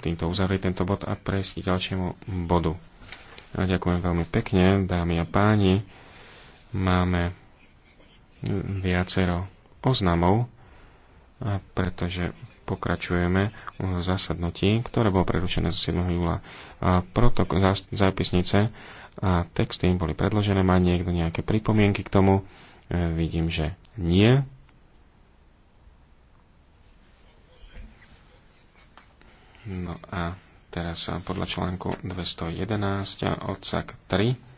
týmto uzavrieť tento bod a prejsť k ďalšiemu bodu. A ďakujem veľmi pekne, dámy a páni. Máme viacero oznamov, a pretože pokračujeme v zasadnutí, ktoré bolo prerušené z 7. júla. A protok zápisnice a texty im boli predložené. Má niekto nejaké pripomienky k tomu? E, vidím, že nie. No a teraz podľa článku 211 odsak 3